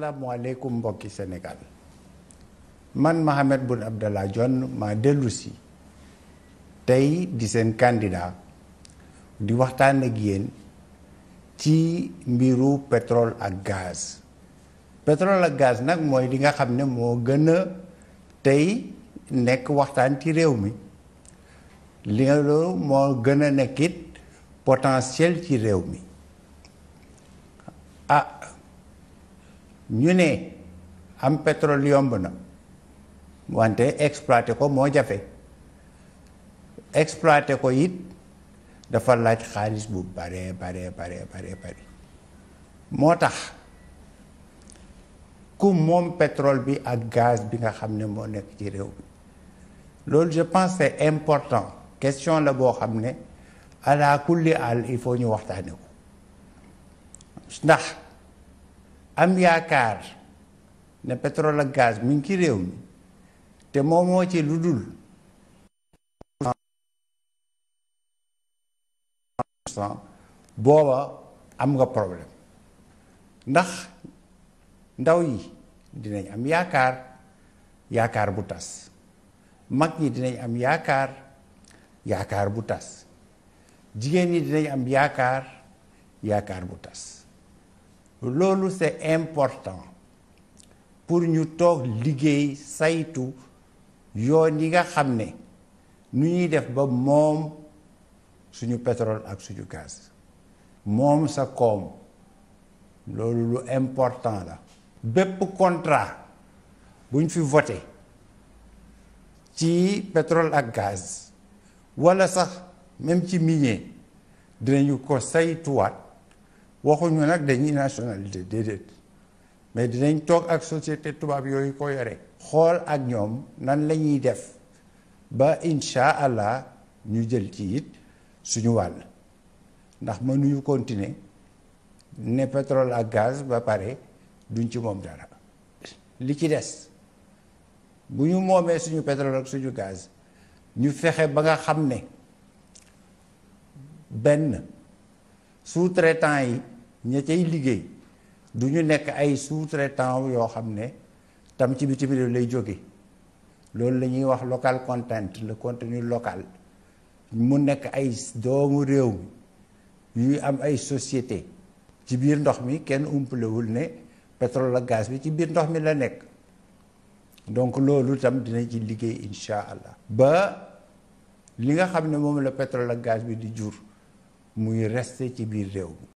asalaamualeykum mbokki Sénégal man Mahammed Boun Abdallah Dionne maa dellu si tey di seen candidat di waxtaan ak yéen ci mbiru pétrole ak gaz pétrole ak gaz nag mooy li nga xam ne moo gën a tey nekk waxtaan ci réew mi li nga loolu moo gën a nekkit potentiel ci réew mi ah, ñu ne am pétrole yomb na wante exploité ko moo jafe exploité ko it dafa laaj xaalis bu bare bare bare bare moo tax ku moom petrole bi ak gaz bi nga xam ne moo nekk ci réew bi loolu je pense important question la boo xam ne ala kulli al il faut ñu waxtaane ko ndax am yaakaar ne pétrole ak gaz mu ngi ci réew mi te moom moo ci lu dul booba am nga problème ndax ndaw yi dinañ am yaakaar yaakaar bu tas mag ñi dinañ am yaakaar yaakaar bu tas jigéen ñi dinañ am yaakaar yaakaar bu tas loolu c'est important pour ñu toog liggéey saytu yoon yi nga xam ne nu ñuy def ba moom suñu pétrole ak suñu gaz moom sa koom loolu lu important la bépp contrat buñ fi voté ci pétrole ak gaz wala sax même ci minier dinañu ko saytuwaat waxuñu nag dañuy nationalité déedéet mais dinañ toog ak société tubaab yooyu ko yore xool ak ñoom nan la ñuy def ba insha allah ñu jël ci it suñu wàll ndax mënuñu continuer ne pétrole ak gaz ba pare duñ ci moom dara li ci des bu ñu moomee suñu pétrole ak suñu gaz ñu fexe ba nga xam ne benn sous-traitant yi ña liggéey du ñu nekk ay sous-traitant yoo xam ne tam ci bitim réew lay jóge loolu la ñuy wax local content le contenu local mu nekk ay doomu réew mi yuy am ay société ci biir ndox mi kenn umpalewul ne pétrole la gaz bi ci biir ndox mi la nekk donc loolu tam dina ci liggéey insha allah ba li nga xam ne moom la pétrole la gaz bi di jur muy rester ci biir réew mi